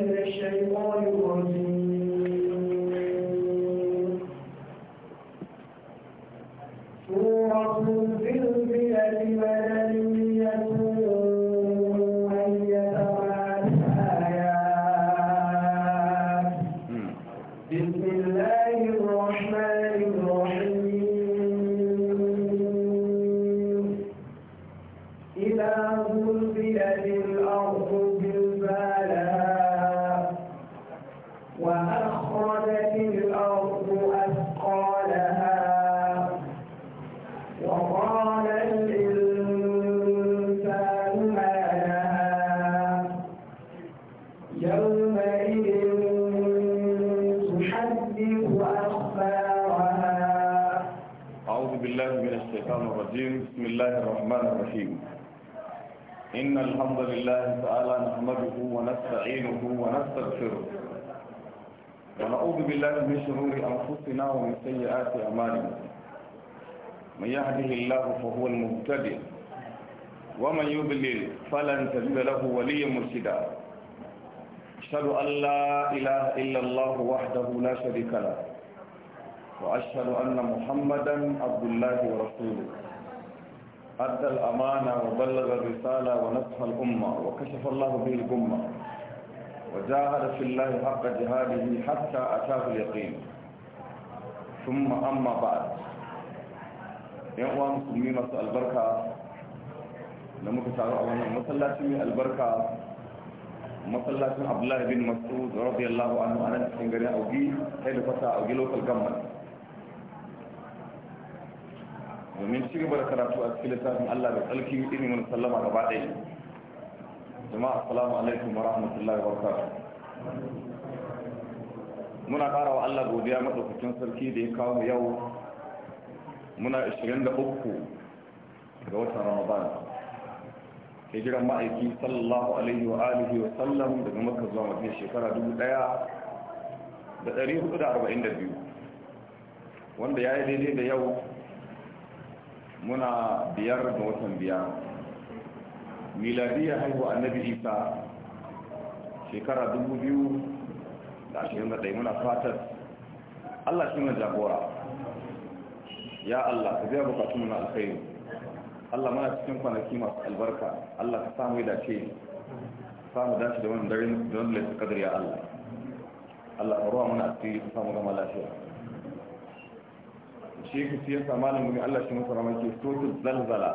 الشيطان الرجيم من يهده الله فهو المهتدي ومن يضلل فلن تجد له وليا مرشدا أشهد أن لا إله إلا الله وحده لا شريك له وأشهد أن محمدا عبد الله ورسوله أدى الأمانة وبلغ الرسالة ونصح الأمة وكشف الله به الأمة وجاهد في الله حق جهاده حتى أتاه اليقين ثم أما بعد yan uwa musulmi masu albarka da muka taru a wannan masallacin mai albarka masallacin abdullahi bin masu da radiyallahu anhu a nan cikin garin augi sai da fata augi local government domin ci gaba da karatu a cikin littafin allah da tsalki irin wani sallama gaba ɗaya jama'a assalamu alaikum wa rahmatullahi wa barakatuh muna ƙara wa allah godiya maɗaukakin sarki da ya kawo yau muna 23 ga watan ramadan hijiran ma'aiki sallallahu alaihi wa alihi wa sallam daga maka zuwa madina shekara 1442 wanda ya yi daidai da yau muna biyar ga watan biyar miladiyya haihu annabi isa shekara 2021 muna fatar allah shi ne jagora ya Allah ka biya bukatun na alkhairi Allah mana cikin kwanaki masu albarka Allah ka samu ya dace samu dace da wannan dare da wannan laifin kadar ya Allah Allah ka ruwa mana asiri ka samu gama lafiya shi ku siya samanin mu Allah shi masa ramaki sotul zalzala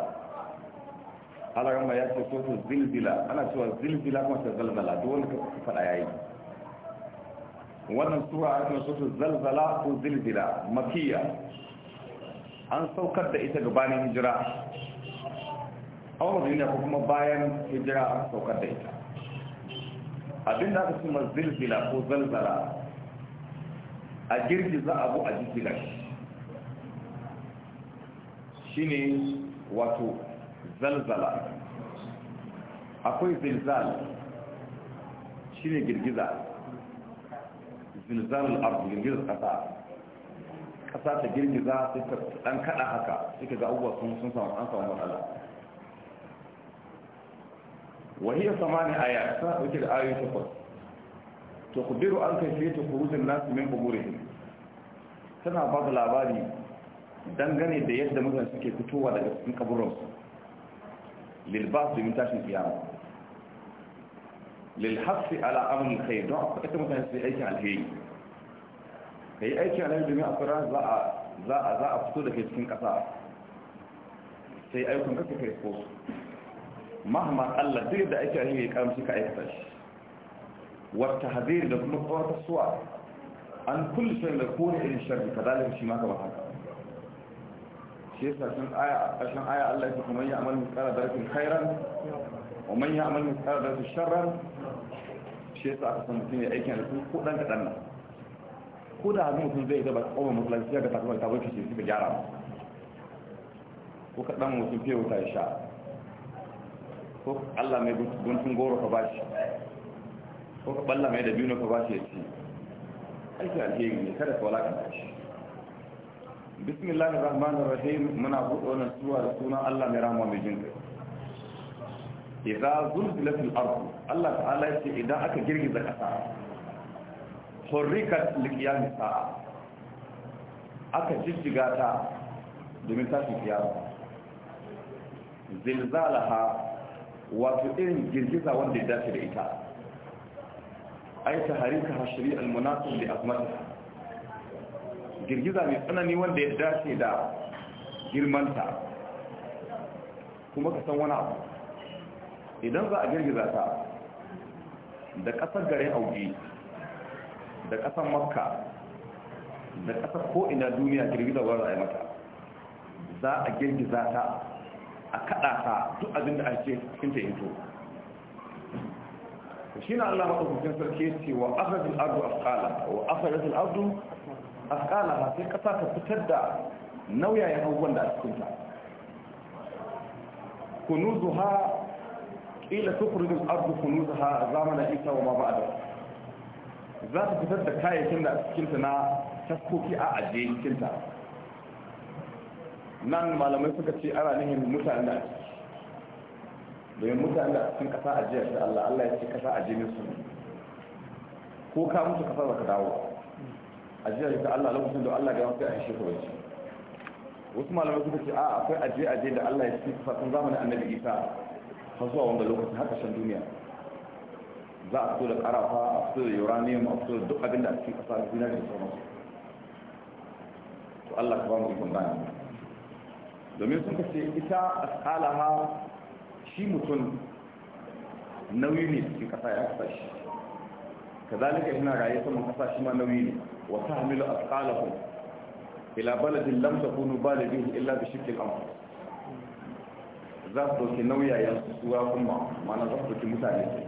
Allah rama ya ce sotul zilzila ana cewa zilzila kuma ta zalzala duk wanda ka faɗa ya yi. wannan sura ana cewa sotul zalzala ko zilzila makiyya an saukar da ita gabanin hijira awon madina ko kuma bayan hijira an saukar da ita abinda aka cimma zilzila ko zalzala a girgiza abu a jizila shi ne wato zalzala akwai zilzal shi ne girgiza zilzal al'arzu girgizar kasa kasa ta girgiza sai ta dan kada haka suka ga abubuwa sun sun samu an samu matsala wahiyar samani aya ta dauke da ayoyi takwas to ku biro an kai fiye ta kurujin nasu min kuburihim tana ba da labari dangane da yadda mutane suke fitowa daga cikin kaburinsu lilbas domin tashin kiyama lilhassi ala amin kai don a ita mutane su yi aikin alheri ka yi aiki a nan domin a tsara za a fito da ke cikin ƙasa sai aikun kake kai ko mahama allah duk da aiki a yi mai karamci ka aikata shi wata hadiri da kuma ta suwa an kulle shan da kone irin sharri ka zalika shi maka ba haka shi yasa sun aya a ƙarshen aya allah ya kuma yi amal mutara da rikin khairan wa man ya amal mutara da rikin sharran shi yasa aka san mutum ya aiki a da ko ɗan kaɗan nan ko da hannun mutum zai gaba ƙwabar musulunci ya ga tafi ta wanke shi suka gyara ba ko kaɗan mutum fiye wuta ya sha ko allah mai guntun goro ka bashi ko ka ɓalla mai dabino ka bashi ya ci aiki alheri ne kada ka walakanta shi bismillahir rahmanir rahim muna buɗe wannan suwa da suna allah mai rahama mai jin kai idza zulzilatil ardh allah ta'ala ya ce idan aka girgiza ƙasa. hurrikat liqiyam sa'a aka jijjiga ta domin tashi kiyama zilzalaha wato irin girgiza wanda ya dace da ita ai ta harika hashri almunasib li azmatiha girgiza mai tsanani wanda ya dace da girmanta kuma ka san wani abu idan za a girgiza ta da ƙasar garin auge da ƙasar makka da ƙasar ko'ina duniya girgizar wanda a yi mata za a girgiza ta a kaɗa ta duk abin da ake cikinta hito shi na allah maɗaukakin sarki ce wa asirin a afkala wa asirin ardu afkala sai ƙasa ta fitar da nauyayen abubuwan da a cikin ta. cikinta kunuzuha ƙila tukurin ardu kunuzuha zamanin isa wa ma ba'adar za ta fitar da kayayyakin da a cikinta na taskoki a ajiye cikinta nan malamai suka ce ana nihin mutane da ake domin mutane da cikin kasa ajiya shi Allah Allah ya ce kasa ajiye su ko ka mutu kasa ka dawo ajiya shi Allah lokacin da Allah ga wasu a shi kawai shi wasu malamai suka ce a akwai ajiye ajiye da Allah ya ce fasan zamanin annabi Isa har zuwa wanda lokacin haka shan duniya za a fito da karafa a fito da uranium a fito da duk abin da a cikin kasa da zinari da sauransu to Allah ka ba mu ikon gane domin sun kace ita a asalaha shi mutum nauyi ne cikin kasa ya kasa shi kazalika ina raye saman kasa shi ma nauyi ne wa tahmilu ku. ila baladin lam kunu balighihi illa bi shikl al-anfus za su dauki nauyayen su suwa kuma mana za su dauki mutane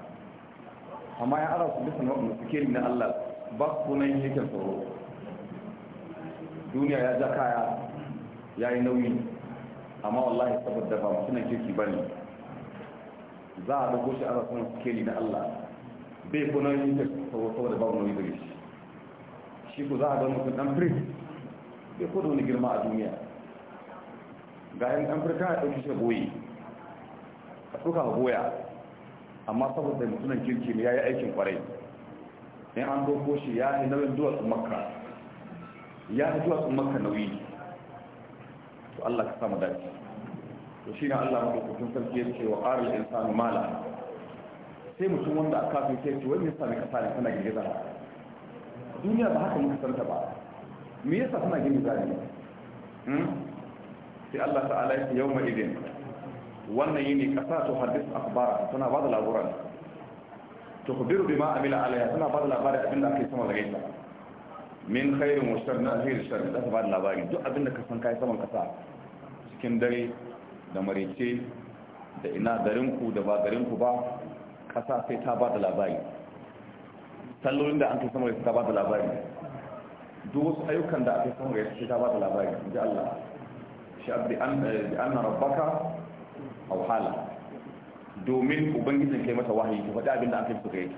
amma ya ara su bisa nau'in suke na Allah ba su nan yake tsoro duniya ya ja kaya ya yi nauyi amma wallahi saboda ba mutunan kirki ba ne za a dogo shi ara sunan suke na Allah bai ko nan yake tsoro saboda ba nauyi da shi shi ku za a ga mutum dan prince bai ko da wani girma a duniya ga yan afirka ya ɗauki shi goyi a ɗauka goya amma saboda mutumin kirki ne ya yi aikin kwarai in an doko shi ya yi nauyin duwatsun makka ya yi duwatsun makka nauyi to Allah ka samu dace to shi ne Allah maɗaukakin sarki ya ce wa ƙarar insanu mala sai mutum wanda a kafin sai ce wani yasa mai kasa ne tana girgiza duniya ba haka muka santa ba me yasa tana girgiza ne hmm? sai Allah ta'ala ya ce yau ma idin wannan yini kasa to hadis akhbara tana ba da labaran to khubiru bima amila alaiha tana ba da abin da aka yi sama da gaita min khairin wa na na khairin sharrin da ba da labarin duk abinda ka san kai saman kasa cikin dare da marice da ina garin da ba garin ba kasa sai ta ba da labari sallolin da an kai sama ta ba da labari duk wasu ayyukan da aka yi sama sai ta ba da labari ji Allah shi abdi an rabbaka aw hala domin ubangijin kai mata wahayi ta faɗi abinda aka yi suka yi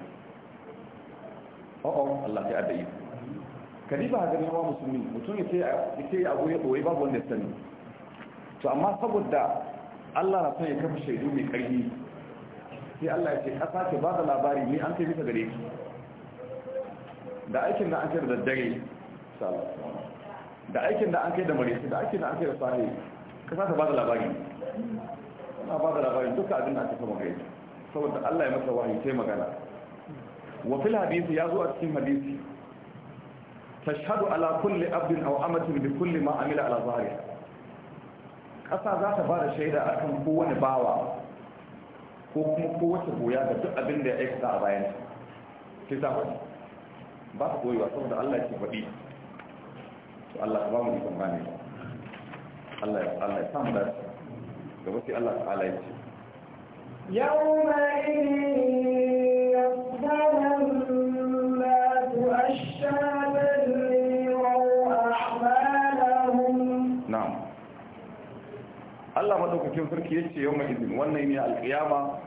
o'o oh, oh, Allah sai adda yi kadiba ga ne wa musulmi mutum ya ce ya abu ya koyi babu wanda ya sani to amma saboda Allah na son ya kafa shaidu mai ƙarfi sai Allah ya ce ƙasa ce ba da labari ni an kai bisa gare ki da aikin da an kai da daddare da aikin da an kai da mareci da aikin da an kai da sahi ka ta ba da labari suna ba da labarin duka abin da aka saba gai saboda Allah ya masa wahayi sai magana wa fil hadisi ya zo a cikin hadisi tashhadu ala kulli abdin aw amatin bi kulli ma amila ala zahiri kasa za ta ba da shaida akan kowane bawa ko kuma kowace goya da duk abin da ya aikata a bayan sai ta faɗi ba ta koyewa saboda Allah ya ce faɗi to Allah ya ba mu ikon gane Allah ya samu lafiya da sai Allah ta'ala ya ce يومئذ يصدر Allah madaukakin sarki yace yawma idin wannan ne alqiyama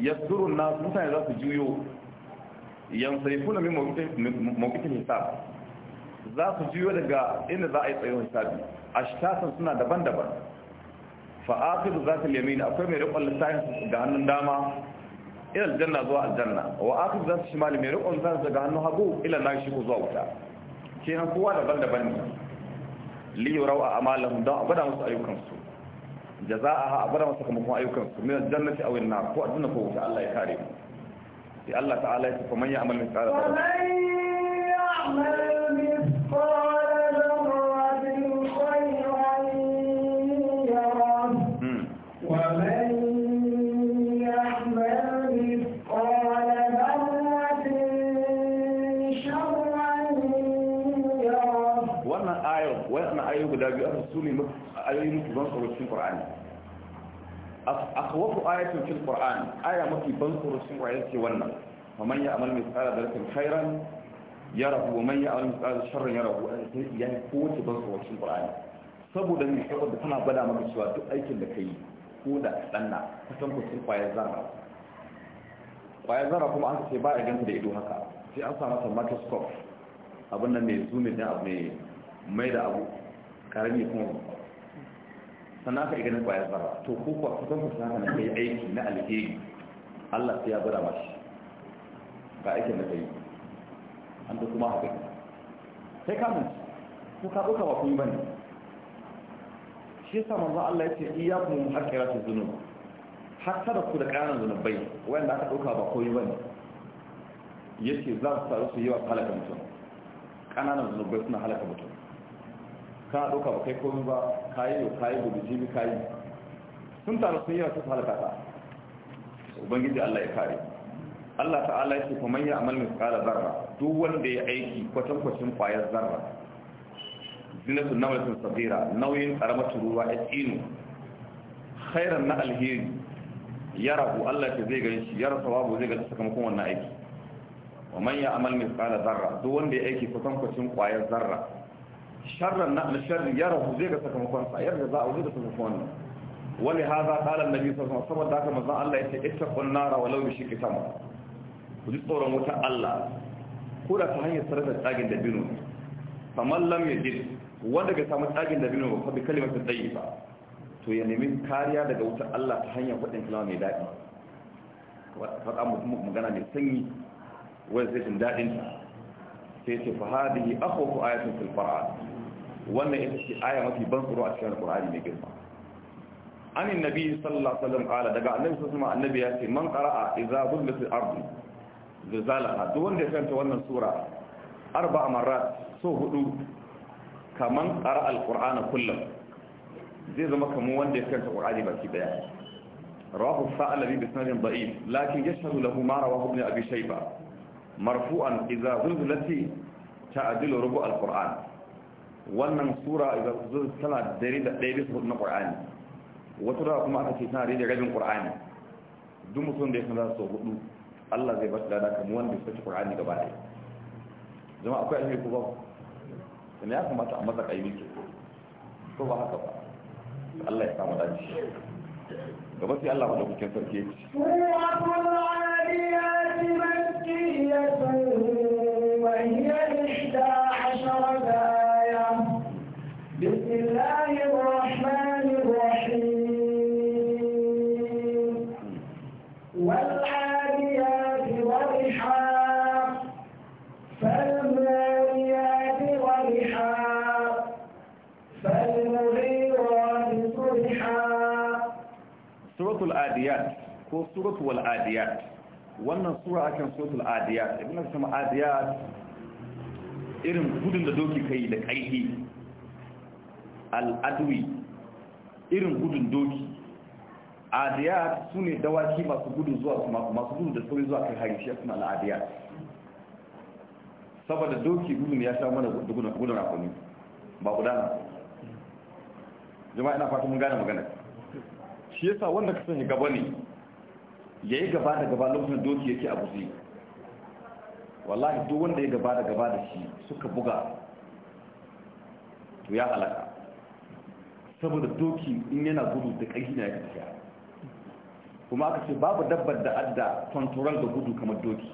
yasduru nas mutane za su juyo yansarifuna min mawqitin hisab za su juyo daga inda za a yi tsayon hisabi ashtatan suna daban-daban fa'afidu za ta yamin akwai mai rikon lissafin ga hannun dama ila aljanna zuwa aljanna wa afidu za ta shimali mai rikon lissafin ga hannun hagu ila na shi ko zuwa wuta ke nan kowa daban-daban ne liyurau a amalahun don a gwada masu ayyukansu Da za a gwada masu kamakon ayyukansu mai aljannati a wani na ko a duna ko wuta allah ya kare mu sai allah ta'ala ya ce manyan ya amal mai tsara da wani ayoyi mafi ban tsoro cikin qur'ani akhwafu ayatin fil qur'an aya mafi ban tsoro cikin qur'ani ce wannan faman ya'mal mithqala dharratin khairan yarahu wa man ya'mal mithqala sharran yarahu sai ya ko wace ban tsoro cikin qur'ani saboda ne saboda tana gwada maka cewa duk aikin da kai ko da kadan na kusan kusan kwayar zarra kwayar zarra kuma an ce ba a ganta da ido haka sai an sa mata microscope abin nan mai zoom din abu mai mai da abu karami kuma sannan aka ganin kwayar zarra to ko kuwa kusan kusan haka na kai aiki na alheri Allah sai ya zura mashi ga aikin na kai an da kuma haka sai ka mun ko ka ɗauka ba kun yi bane shi yasa manzo Allah ya ce iyyakum muhaqqiratu dhunub hatta da ku da ƙananan zunubai wanda aka ɗauka ba koyi bane yace za su faru su yi wa halaka mutum ƙananan zunubai suna halaka mutum ka ɗauka ba kai komi ba ka yi yau ka yi gudu jibi ka yi sun taru sun yi wasu halakata ubangiji allah ya kare allah ta'ala ya ce kuma ya amal tsara zarra duk wanda ya aiki kwatankwacin kwayar zarra zinatun nawalatin sabira nauyin karamar turuwa ya tsinu khairan na alheri ya rabu allah ta zai gani shi ya rasa babu zai gani sakamakon wannan aiki wa man ya amal misqala zarra duk wanda ya aiki kwatankwacin kwayar zarra sharran na sharri ya rahu zai ga sakamakon sa yadda za a wuce da sakamakon nan wani haza kalan nabi biyu alaihi saboda haka manzon Allah ya ce ittaqun nara walau bi shiqqi tamr ku ji tsoron wuta Allah ko da ta hanyar sarar da tsagin dabino faman mai yajid wanda ga samu tsagin dabino ba bi kalimatin ba. to ya nemi kariya daga wutar Allah ta hanyar kudin kalma mai daɗi faɗa mutum magana mai sanyi wanda zai jin daɗin ta sai ce fa hadihi akhwafu ayatin fil qur'an wannan ita ce aya mafi ban tsoro a cikin alqur'ani mai girma an annabi sallallahu alaihi wasallam qala daga annabi sallallahu alaihi wasallam annabi ya ce man qara'a idza zullat al-ard zilzalaha duk wanda ya kanta wannan sura arba'a marrat so hudu kaman qara'a al kullum zai zama kaman wanda ya kanta qur'ani baki daya rawahu sa'alabi bi sanadin da'if lakin yashhadu lahu ma rawahu ibn abi shayba marfu'an idza zulzilati ta'dilu rubu al-qur'an wannan sura idza zulzilat tana dare da ɗaya bisa na qur'ani wata da kuma aka ce tana dare da rabin qur'ani duk mutum da ya san so hudu Allah zai bashi dada kamar wanda ya ci qur'ani gaba ɗaya jama'a akwai alheri ko babu dan ya kamata a matsa kai miki ko ba haka ba Allah ya samu dace gaba sai Allah kuke sarki ya ci ليلة وهي إحدى آية بسم الله الرحمن الرحيم والعاديات ضبحا فالموريات ضبحا فالمغيرات صبحا سورة العاديات ko suratul wannan sura kan sotul adiyat ibn al-sama adiyat irin gudun da doki kai da ƙaihi al-adwi irin gudun doki adiyat su ne dawaki masu gudun zuwa masu gudun da sauri zuwa kai hari shi suna al-adiyat saboda doki gudun ya sha mana gudun rakuni ba gudana jama'a ina fata mun gane magana shi yasa wanda ka sanya gaba ne ya yi gaba da gaba lokacin doki yake a buzi wallahi duk wanda ya gaba da gaba da shi suka buga to ya halaka saboda doki in yana gudu da ƙarfi ya tafiya kuma aka ce babu dabbar da adda kwantoral da gudu kamar doki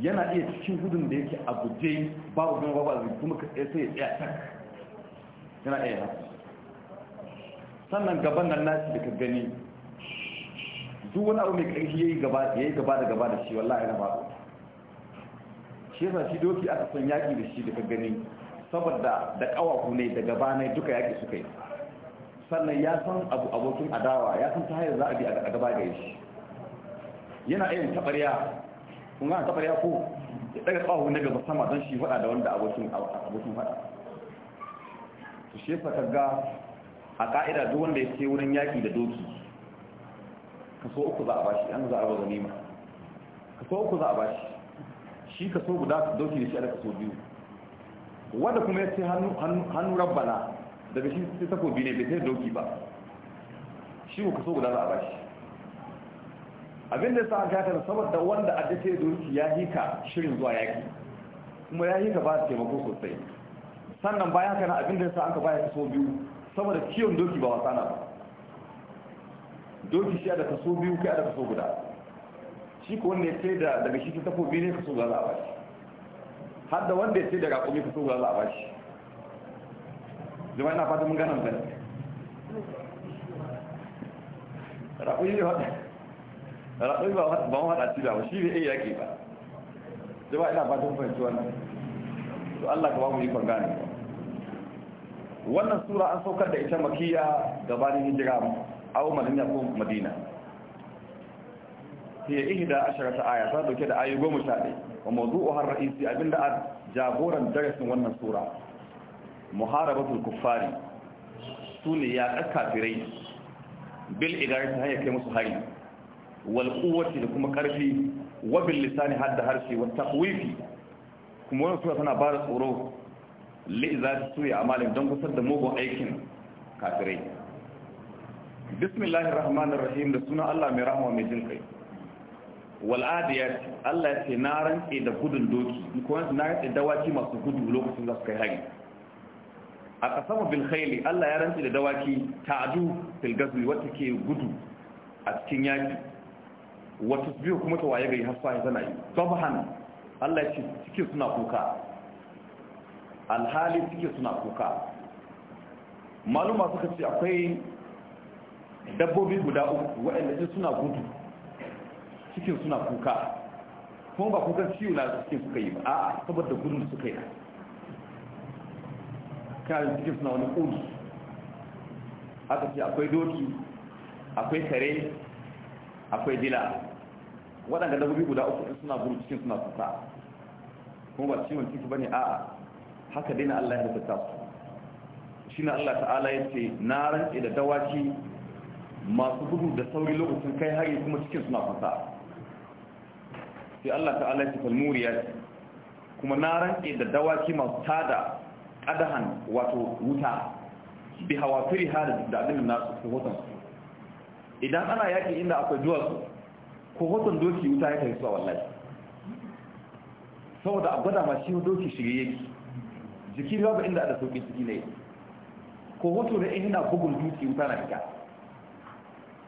yana iya cikin gudun da yake a guje babu gama babu azumi kuma ka tsaye sai ya tsaya tak yana iya sannan gaban nan nasi da ka gani duk wani abu mai ƙarfi yi gaba yayi gaba da gaba da shi wallahi na ba shi yasa shi doki aka son yaƙi da shi da ka gani saboda da kawaku ne da gaba ne duka yaƙi suka yi sannan ya san abu abokin adawa ya san ta hanyar za a bi a gaba da shi yana irin taɓarya kun gana taɓarya ko ya ɗaga ƙawa na gaba sama don shi faɗa da wanda abokin abokin faɗa to shi yasa ga a ka'ida duk wanda ya ce wurin yaƙi da doki kaso uku za a bashi an za a raba ganima kaso uku za a bashi shi kaso guda ka dauke da shi a kaso biyu wanda kuma ya ce hannu rabbana daga shi sai biyu ne bai sai dauki ba shi ko kaso guda za a bashi abin da ya sa aka yata saboda wanda a dace doki ya hika shirin zuwa yaki kuma ya hika ba su taimako sosai sannan bayan haka na abin da ya sa an ka baya kaso biyu saboda ciwon doki ba wasa na ba doki shi da kaso biyu kai da kaso guda shi ko wanda ya ce da daga shi ta takobi ne kaso guda za a bashi har da wanda ya ce daga kuma kaso guda za a bashi zama ina fata mun gana zan raƙoyi ne wata raƙoyi ba wani haɗa cida ba shi ne ya ke ba zama ina fata mun fahimci wannan to Allah ka ba mu ikon gane wannan sura an saukar da ita makiya gabanin hijira mu aw madina ko madina hiya ihda asharata aya ta dauke da ayoyi goma sha ɗaya wa mawdu'uha ar-ra'isi abinda a jagoran darasin wannan sura muharabatul kuffari sune ya kafirai bil ta hanyar kai musu hari wal quwwati da kuma karfi wa bil lisani hadda harshe wa taqwifi kuma wannan sura tana bada tsoro li izati suya amalin don kusar da mugun aikin kafirai bismillahir rahmanir rahim da suna Allah mai rahama mai jin kai wal adiyat Allah ya ce na rantse da gudun doki ko na rantse dawaki masu gudu lokacin da suka yi hari a kasama bil khayli Allah ya rantse da dawaki ta'adu fil gazwi wata ke gudu a cikin yaki wata biyu kuma ta waye gari hasa ya zana yi sabhan Allah ya ce cikin suna kuka Al-hali cikin suna kuka maluma suka ce akwai dabbobi guda uku waɗanda sun suna gudu cikin suna kuka kuma ba kukan ciwo na cikin suka yi ba a saboda gudun suka yi kayan cikin suna wani ƙuri aka ce akwai doki akwai kare akwai dila waɗanda dabbobi guda uku sun suna gudu cikin suna kuka kuma ba ciwon ciki ba ne a haka dina Allah ya rubuta su shi na Allah ta'ala ya ce na rantse da dawaki masu gudu da sauri lokacin kai hari kuma cikin suna fasa sai Allah ta'ala ya falmuriya kuma na rantse da dawaki masu tada adahan wato wuta bi firi hada da abin nasu ko hoton idan ana yaƙi inda akwai duwatsu ko hoton doki wuta ya kai su a wallahi saboda a gwada ma shi doki shirye yake jiki babu inda da sauƙin ciki ne ko hoto da ina bugun duki wuta na fita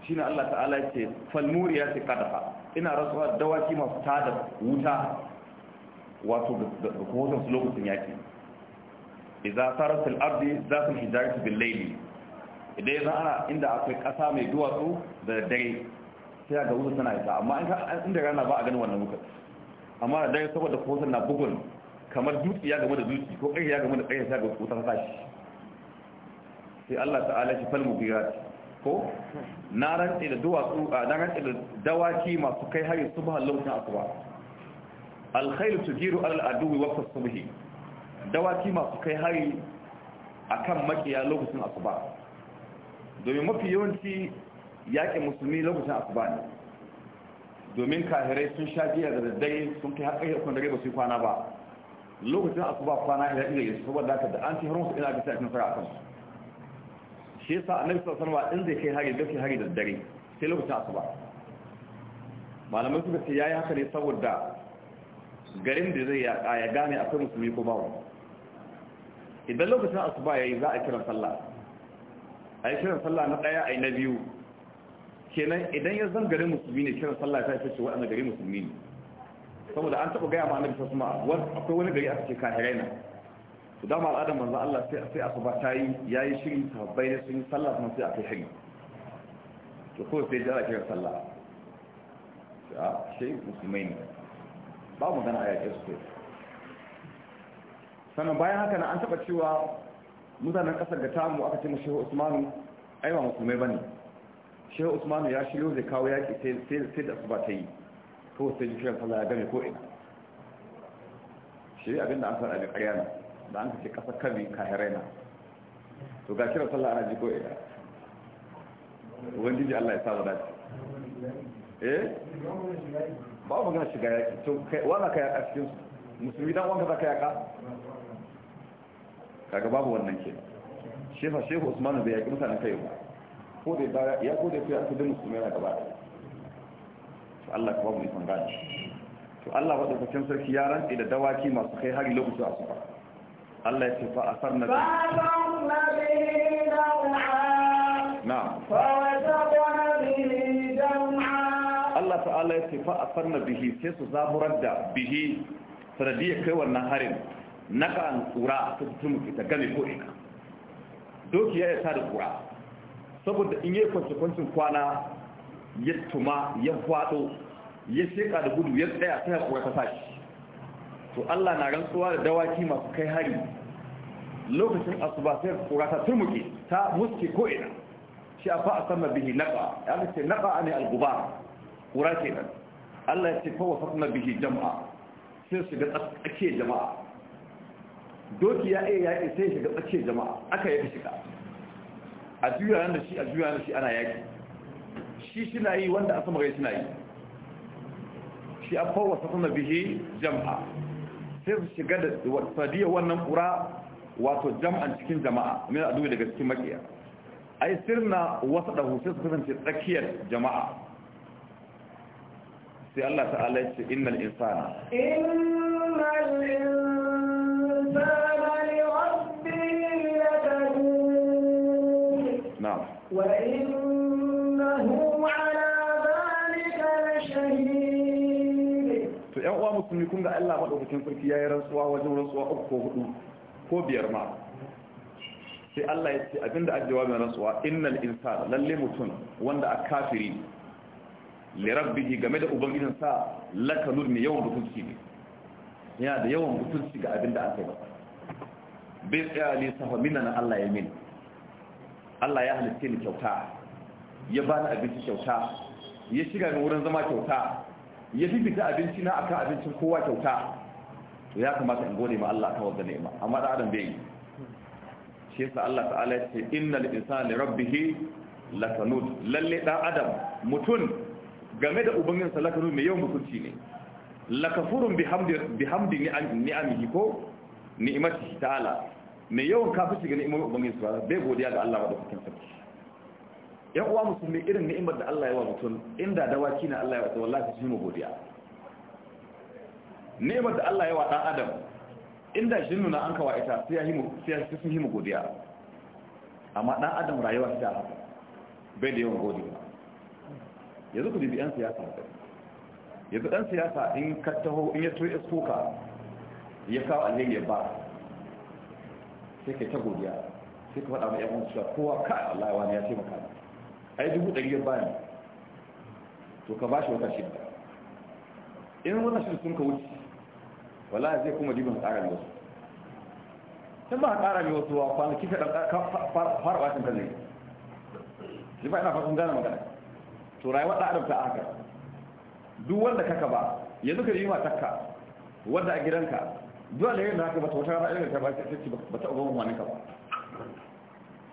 shine Allah ta'ala yake ce qadafa ina rasuwa dawaki masu tada wuta wato da kuma su lokacin yaki Idan sarat al za su al-hijarati bil-layl idan ana inda akwai kasa mai duwatsu da dare sai ga wuta tana isa amma inda rana ba a ganin wannan wutar amma da dare saboda kuma na bugun kamar dutse ya game da dutse ko kai ya game da kai sai ga wuta ta tashi sai Allah ta'ala shi falmuriyati ko na rantse da duwatsu na rantse da dawaki masu kai hari ba lokacin asuba alkhairu tujiru alal aduwi wa subhi dawaki masu kai hari akan makiya lokacin asuba domin mafi yawanci yaƙin musulmi lokacin asuba ne domin kahirai sun sha biya da daddare sun kai har ƙarfe kun dare ba su kwana ba lokacin asuba kwana ya ila saboda haka da an ci har musu ina bisa cikin sara akan su shi yasa annabi sallallahu alaihi wasallam in zai kai hari da kai hari da dare sai lokacin asuba malamai suka ce yayi haka ne saboda garin da zai yaka ya gane akwai musulmi ko babu idan lokacin asuba yayi za a kira sallah a yi kiran sallah na daya ai na biyu kenan idan ya zan garin musulmi ne kiran sallah ta fice waɗanda garin musulmi ne saboda an taɓa gaya ma annabi sallallahu alaihi wasallam akwai wani gari aka ce kahirai to dama al'adar manzo Allah sai a asuba ta yi yayi shirin sahabbai ne sun sallah kuma sai a akai hari to ko sai jira kira sallah a ah, shi musulmai ne ba mu gana yake su sai sannan bayan haka na an taba cewa mutanen ƙasar da tamu aka ce mashi Usmanu aiwa musulmai ba ne, shehu Usmanu ya shirya zai kawo yaki sai sai da asuba ta yi ko sai jikin sallah ya game ko ina shi abinda an san abin ƙarya ne da an kace kasa kabi ka na to ga kira sallah ana ji ko ina wani ji Allah ya da shi. eh ba mu gana shiga yaki to wala kai a cikin musulmi dan wanda zaka yaka kaga babu wannan ke shefa shehu usman bai yaki mutanen kai ba ko ba ya ko dai ya ko da musulmi na gaba to Allah ka ba mu ikon gani to Allah wadda sarki ya rantsi da dawaki masu kai hari lokacin asuba Allah ya ce fa asarna fa asarna bihi jam'a na'am fa wasaqna bihi jam'a Allah ta'ala ya ce fa na bihi sai su zaburar da bihi sanadiyar kai wannan harin naka an tsura ta mutum ta game ko ina doki ya yasa da kura saboda in yi kwancikwancin kwana ya tuma ya fado ya sheka da gudu ya tsaya ta ya kura ta sashi to Allah na rantsuwa da dawaki masu kai hari lokacin asuba sai kura ta turmuke ta muske ko ina shi afa sama bihi naqa ya ce naqa ani al-gubar kura kenan Allah ya ce fa wasatna bihi jama'a sai su ga tsakiyar jama'a doki ya iya ce sai shiga tsakiyar jama'a aka yaƙi shiga a juya da shi a juya nan shi ana yaki. shi suna yi wanda a sama gai suna yi shi a fawa sa bihi bihe jama'a sai su shiga da fadiyar wannan kura wato jam'an cikin jama'a min adu daga cikin makiya ai sirna wasu da husu su kasance tsakiyar jama'a sai Allah ta'ala ya ce innal insana innal insana rasuli kun ga Allah madaukakin sarki yayi rantsuwa wajen rantsuwa uku ko hudu ko biyar ma sai Allah ya ce abinda jawabi na rantsuwa innal insana lalle mutum wanda a kafiri li rabbihi game da ubangijin sa lakalur ne yawan butulci ne yana da yawan butulci ga abinda an kai masa bai tsaya ne safamina na Allah ya min Allah ya halitta ni kyauta ya bani abinci kyauta ya shiga ni wurin zama kyauta ya fita abinci na aka abincin kowa kyauta to ya kamata in gode ma Allah akan wadda ni'ima amma da adam bai shi yasa Allah ta'ala ya ce innal insana li rabbih lakanud lalle dan adam mutun game da ubangin sa lakanud mai yawan mutunci ne lakafurun bihamdi bihamdi ni'amihi ko ni'imatihi ta'ala mai yawan fice ga ni'imar ubangin sa bai godiya ga Allah madaukakin sarki yan uwa musulmi irin ni'imar da Allah ya wa mutum inda dawaki na Allah ya wata wallahi shi mu godiya ni'imar da Allah ya wa dan adam inda jinnu na an kawa ita sai ya himu sai sun himu godiya amma dan adam rayuwa ta bai da yawan godiya yanzu ku dibi yan siyasa yanzu dan siyasa in ka taho in ya toye tsoka ya kawo alheri ya ba sai kai ta godiya sai ka faɗa ma yan uwa kowa kai Allah ya wani ya taimaka ai dubu ɗari ya bani to ka bashi shi wata shida in wata shida sun ka wuce wala zai kuma dibin tsara mai wasu sun ba tsara mai wasu wa kwanaki ka fara bacin kan zai shi ba ina fasin gane magana to rayuwar ɗan adam ta haka duk wanda kaka ba yanzu ka yi matakka wanda a gidanka duk alherin da haka ba ta wata rana irin ta ba ta ci ba ta ubon wani ka ba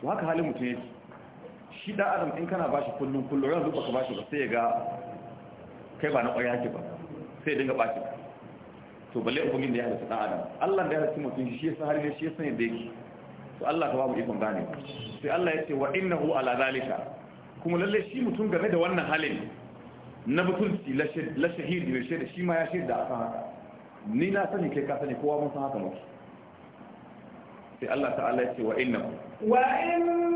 to haka halin mutum yake shi da in kana bashi kullum kullum yanzu baka bashi ba sai ya ga kai ba na ƙwaya ke ba sai dinga ba. to balle ubangin da ya halitta dan adam Allah da ya halitta mutum shi ya san har ne shi ya sanya da yake to Allah ka babu ikon gane sai Allah ya ce wa innahu ala zalika kuma lalle shi mutum game da wannan halin na butulci la shahidi mai shaida shi ma ya shaida kan haka ni na sani kai ka sani kowa mun san haka muke sai Allah ta'ala ya ce wa innahu wa innahu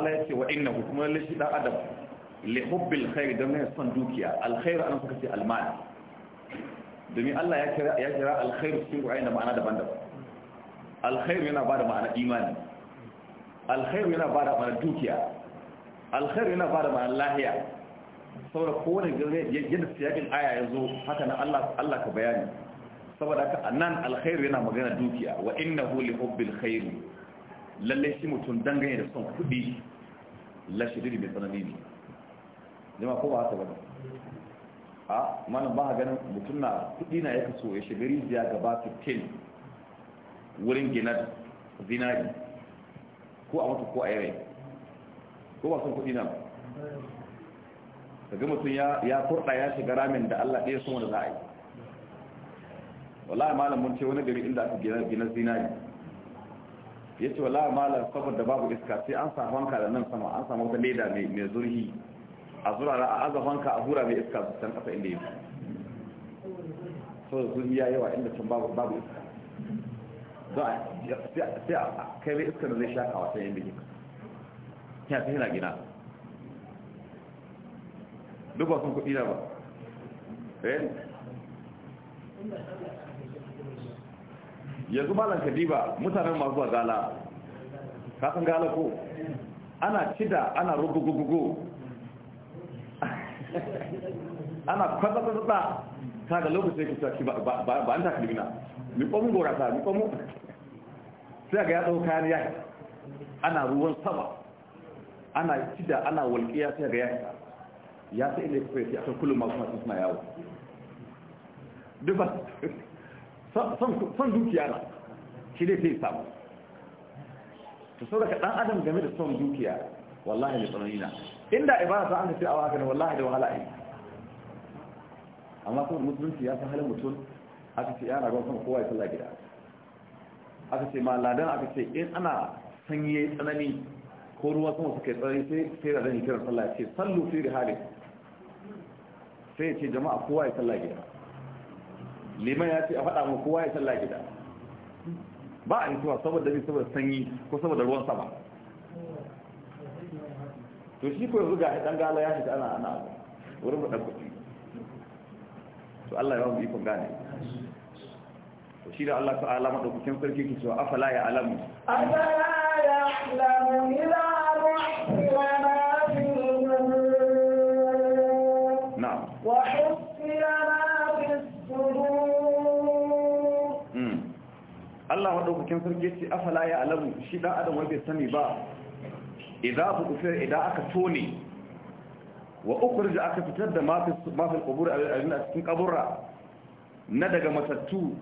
ta'ala ya ce wa inna kuma lalle shi dan adam li hubbil khair dan ne son dukiya alkhair an suka ce almal domin Allah ya kira ya kira alkhair cikin Qur'ani da ma'ana daban-daban alkhair yana ba da ma'ana imani alkhair yana ba da ma'ana dukiya alkhair yana ba da ma'ana lahiya saboda kowane yadda siyakin aya ya zo haka na Allah ka bayani saboda haka nan alkhairu yana magana dukiya wa innahu li hubbil khair lalle shi mutum dangane da son kudi la mai tsanani ne jama ko ba haka ba a manan ba ganin mutum na kudi na ya kaso ya shiga ziya gaba 15 wurin gina zinari ko a mutu ko a yare ko ba sun kudi na ga mutum ya kurɗa ya shiga ramin da allah ɗaya sun wani za a yi wallahi malam mun ce wani gari inda aka gina zinari ya ce wala mala saboda babu iska sai an samu wanka da nan sama an samu wata leda mai zurhi a zurara a aza fanka a hura mai iska su can kasa inda yake saboda zurhi ya yawa inda can babu iska don sai a kai mai iska da zai shaka a wata yanda yake ya fi yana gina duk wasan kuɗi na ba eh? yanzu malam kadiba mutanen masu wazala, gala kasan gala ko ana cida ana rugugugugu ana kwatsa-kwatsa ta ga lokacin kusa ki ba an takalmi na mikomin gorata mikomin sai ga ya tsawo kayan yaki ana ruwan sama ana cida ana walƙiya sai ga yaki ya sai inda ya sai akan kullum masu masu suna yawo duk ba son dukiya na shi dai sai samu to sau daga dan adam game da son dukiya wallahi da tsanani na inda ibada ta an ce a wakana wallahi da wahala ai amma kuma musulunci ya san halin mutum aka ce yana gwamnan kowa ya sallah gida aka ce ma ladan aka ce in ana sanye tsanani ko ruwa kuma suka yi tsanani sai sai da zan yi kiran sallah ce sallu fi rihali sai ya ce jama'a kowa ya sallah gida liman ya ce a faɗa mu kowa ya salla gida ba a hituwa saboda bi saboda sanyi ko saboda ruwan sama to shi ko yanzu ga dan gala ya shiga ana ana wurin faɗa kuɗi to Allah ya mu ikon gane to shi da Allah ta'ala madaukakin sarki ki cewa afala ya alamu afala ya alamu ila Allah madaukakin sarki ce afala ya alamu shi dan adam wai bai sani ba idan idza buqfir idan aka tone wa uku ukhrija aka fitar da mafi mafi qubur al-ajna cikin kaburra na daga matattu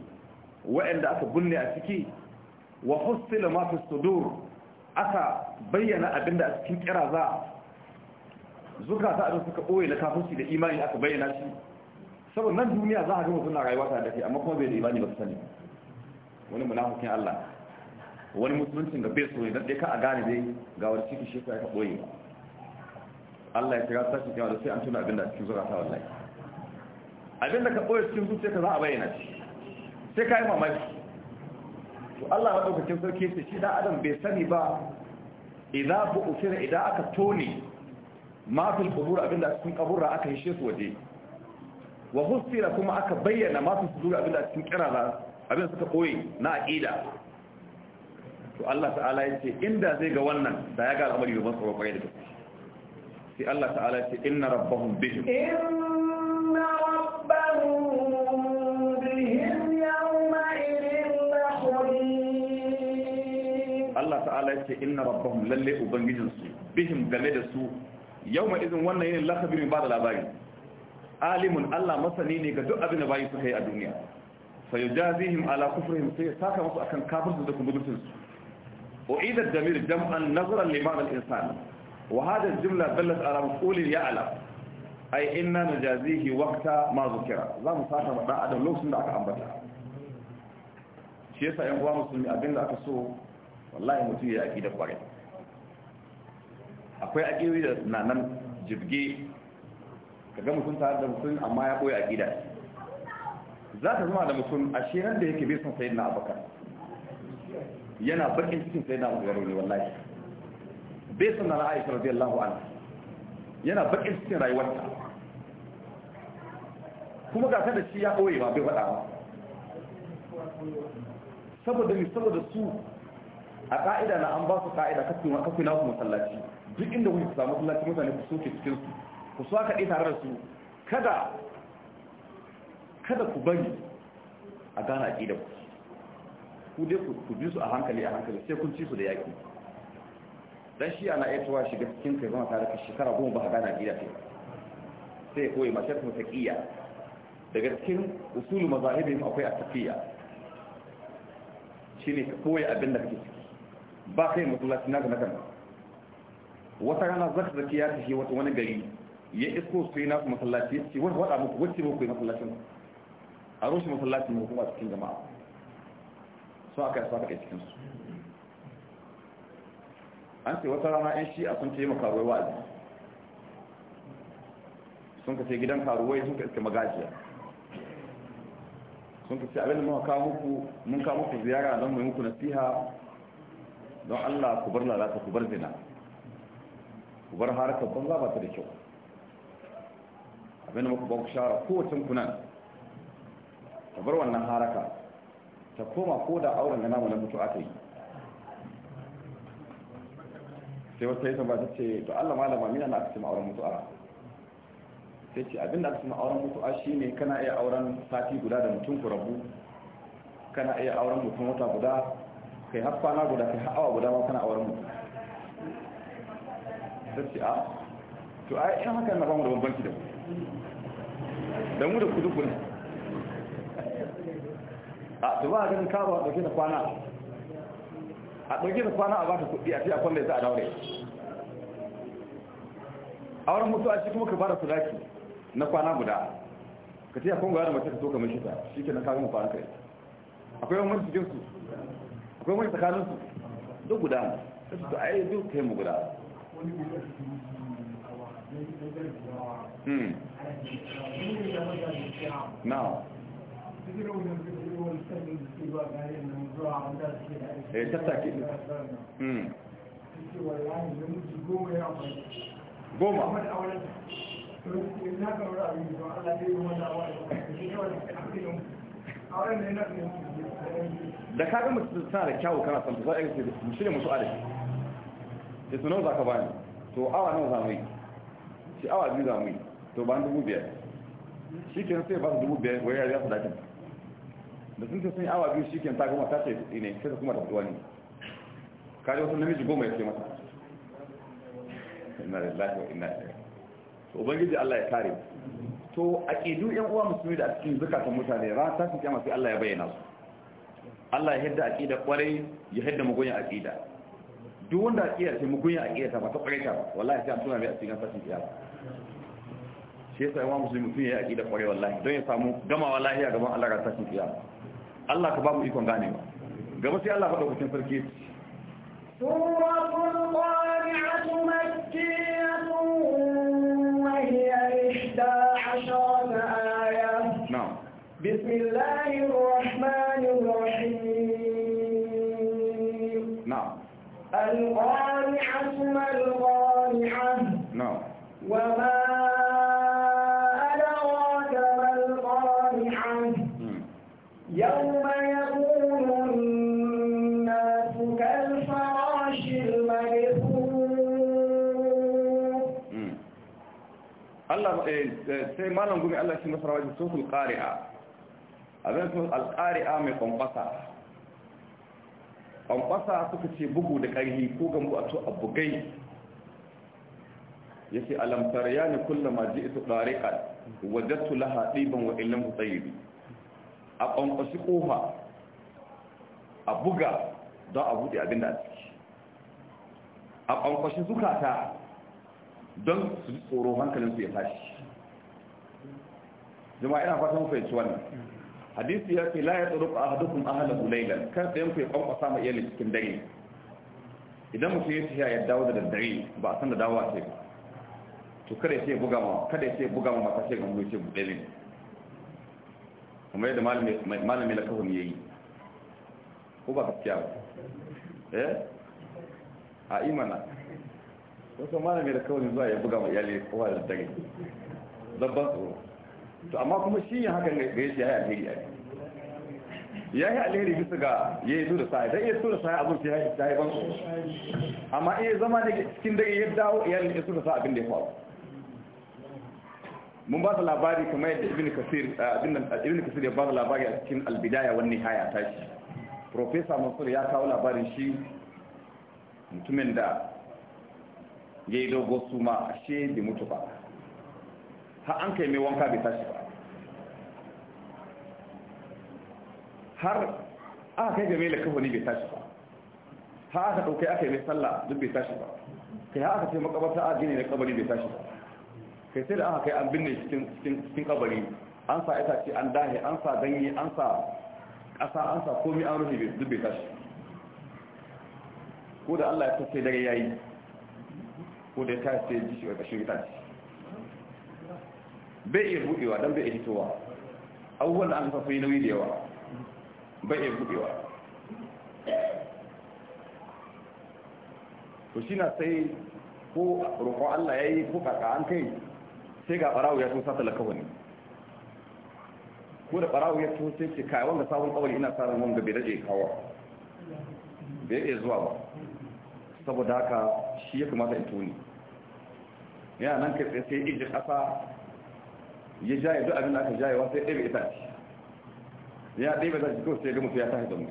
wa'anda aka bunne a ciki wa hustila mafi sudur aka bayyana abinda a cikin kiraza zuka ta abin suka ɓoye na kafirci da imani aka bayyana shi saboda nan duniya za a ga mutum na rayuwa ta da ke amma kuma bai da imani ba sani wani munafukin Allah wani musuluncin da beso ne dai ka a gane dai ga wani ciki shi ya boye Allah ya kira sashi kiyama da sai an tuna abinda cikin zurata lai abinda ka boye cikin zuciya ka za a bayyana shi sai ka yi mamaki to Allah ya ɗaukacin sarki ya shi da adam bai sani ba idza bu usira idan aka tone ma fil qubur abinda cikin kaburra aka shi su waje wa husira kuma aka bayyana ma fil qubur abinda cikin kirara abin suka koyi na aqida to Allah ta'ala ya ce inda zai ga wannan da ya ga al'amari da masu kwarai da gaske sai Allah ta'ala ya ce inna rabbahum bihim inna rabbahum bihim yawma idin lakhbir Allah ta'ala ya ce inna rabbahum lalle ubangijin su bihim game da su yawma idin wannan yin lakabin ba da labari alimun Allah masani ne ga duk abin da bayi suka yi a duniya fayujazihim ala kufrihim sai saka musu akan kafirsu da kuburtun su uida damir jam'an nazara liman al-insan wa jimla jumla dallat ala maqul ya ala ay inna najazihi waqta ma zukira za mu saka mu dan adam lokacin da aka ambata shi yasa yan uwa musulmi abinda aka so wallahi mutum ya aqida kware akwai aqida na nan jibge ga mutum tare da mutum amma ya koyi aqida shi za ta zama da mutum a shirin da yake bai son sayi na abakar yana bakin cikin sayi na abakar ne wallahi bai son na ra'ayi Allah anha yana bakin cikin rayuwarta kuma ga da shi ya ɓoye ba bai faɗa ba saboda ne saboda su a ƙa'ida na an ba su ƙa'ida kafin na kuma masallaci duk inda kuka samu masallaci mutane ku soke cikin su ku so aka ɗi tare da su kada kada ku bari a gane a ku ku dai ku bi su a hankali a hankali sai kun ci su da yaƙi don shi ana iya tuwa shiga cikin kai zama tare da shekara goma ba a gane aƙida ce sai ya koyi mace kuma taƙiyya daga cikin usulu mazahibin akwai a tafiya shi ne ka koyi abin da kake ciki ba kai masallaci na gana nakan wata rana zaka zaki ya tafi wata wani gari ya iko su yi nasu masallaci ya ce wata wada muku wacce muku yi masallacin a rushe masallacin mai kuma cikin jama'a sun aka yasa kai cikin su an ce wata rana yan shi a sun ce makarwai wa'azi sun ka ce gidan karuwai sun ka iske magajiya sun ka ce abin da muka kawo muku mun kawo muku ziyara don mai muku nasiha don Allah ku bar lalata ku bar zina ku bar harkar banza ba ta da kyau abin da muka ba ku shara kowace kunan ka bar wannan haraka ta koma ko da auren da namu na mutu aka yi sai wata yasa ba ta ce to Allah malama mina na aka cima auren mutu'a sai ce abinda aka cima auren mutu'a shine kana iya auren sati guda da mutum ku rabu kana iya auren mutum wata guda kai har kwana guda kai har awa guda ma kana auren mutu. sai ce a ah, to ai in haka na ba mu da banki da mu da ku duk a to ba ganin kaba a dauke da kwana a dauke da kwana a baka kuɗi a tiya kwanda ya a daure a wani mutu a shi kuma ka bada sadaki na kwana guda ka ce a kwan da mace ka so ka mai shita shi ke na kawo mu kai akwai wani cikin su akwai wani tsakanin su duk guda ne kasu to ai duk kai mu guda hmm. now eh tattaki hmm goma da kaga mutum tana da kyawu kana san za a yi mu musu adadi ya su za ka bani to awa nawa za mu yi shi awa biyu za mu yi to ban dubu biyar shi ke sai ba su dubu biyar wai ya su dakin da sun ce awa biyu shi ke ta goma ta ce eh, ne sai ta kuma tafi ne. kaji wasu namiji goma ya ce mata da lillahi wa inna ilaihi to ubangiji Allah ya kare to ƙidu yan uwa musulmi da a cikin zukatan mutane ra ta sun kyamata sai Allah ya bayyana su Allah ya hidda aqida ƙwarai ya hidda mugunya aqida duk wanda aqida ce mugunya aqida ta ba ta ta ba wallahi sai an tuna mai a cikin sashen kiyama shi yasa imam musulmi mutum ya aƙida ƙwarai wallahi don ya samu gamawa lahiya gaban Allah ran sashin kiyama الله ka ba mu ikon ganewa gaba الله Allah faɗa kucin سورة القارعة مكية وهي إحدى عشر آية نعم بسم الله الرحمن الرحيم نعم القارعة ما القارعة نعم وما Eh, sai malam gumi Allah shi masarawa da sosul ƙari'a abin sun alƙari'a mai ƙwanƙwasa ƙwanƙwasa suka ce bugu da ƙarfi ko gambo a to a bugai ya ce alamtar ya ne kulla ma ji isa ɗariƙar wajattu laha ɗiban wa ku hutsayi a ƙwanƙwashi ƙofa a buga don a buɗe abin da a ciki a ƙwanƙwashi zukata don su tsoro hankalin su ya tashi jama'a ina fatan fahimci wannan hadisi ya ce la ya tsoro a hadukun ahalahu lailan kar da yanku ya kwakwasa ma iyalin cikin dare idan mutum ya tafiya ya dawo da daddare ba a san da dawowa ce ba to kada ya ce buga ma kada ya ce buga ma mata ce ga mu ce buɗe ne kamar yadda malami na kawai ya yi ko ba gaskiya ba eh a imana wasu malami da kawai zuwa ya buga mai iyali kowa da dare zabban tsoro to amma kuma shi yin hakan ga ya yi alheri a Ya yi alheri bisa ga yayi so da sai dan iya so da sai abun sai yayi sai ban tsoro amma eh zama da cikin dare ya dawo iyali ya so da sai abin da ya faru mun ba da labari kamar yadda ibn kasir ibn kasir ya ba da labari a cikin albidaya wani haya ta shi professor mansur ya kawo labarin shi mutumin da ya yi dogo su ma shi da mutu ba har an kai mai wanka bai tashi ba har aka kai game da kafani bai tashi ba har aka ɗauke aka yi mai sallah duk bai tashi ba kai har aka ce makabarta a gini na kabari bai tashi ba kai sai da aka kai an binne cikin kabari an sa itace an dahe an sa ganye an sa ƙasa an sa komi an rufe duk bai tashi ko da Allah ya tafi dare yayi ko da ta tashi sai ji shi a ƙashin gidan bai iya buɗewa don bai iya hitowa abubuwan da an kafa yi nauyi da yawa bai iya buɗewa to shi na sai ko roƙo Allah ya yi ko kaka an kai sai ga ɓarawo ya so sa talaka wani ko da ɓarawo ya so sai ce kai wanda sabon ƙawari ina sa ran wanga bai daɗe kawo bai iya zuwa ba saboda haka shi ya kamata in tuni yana nan kai tsaye sai iji ƙasa ya jaye duk abin da aka jaye wa sai ɗaya ita ce ya ɗaya bai ce kawai sai ga mutu ya tashi da mu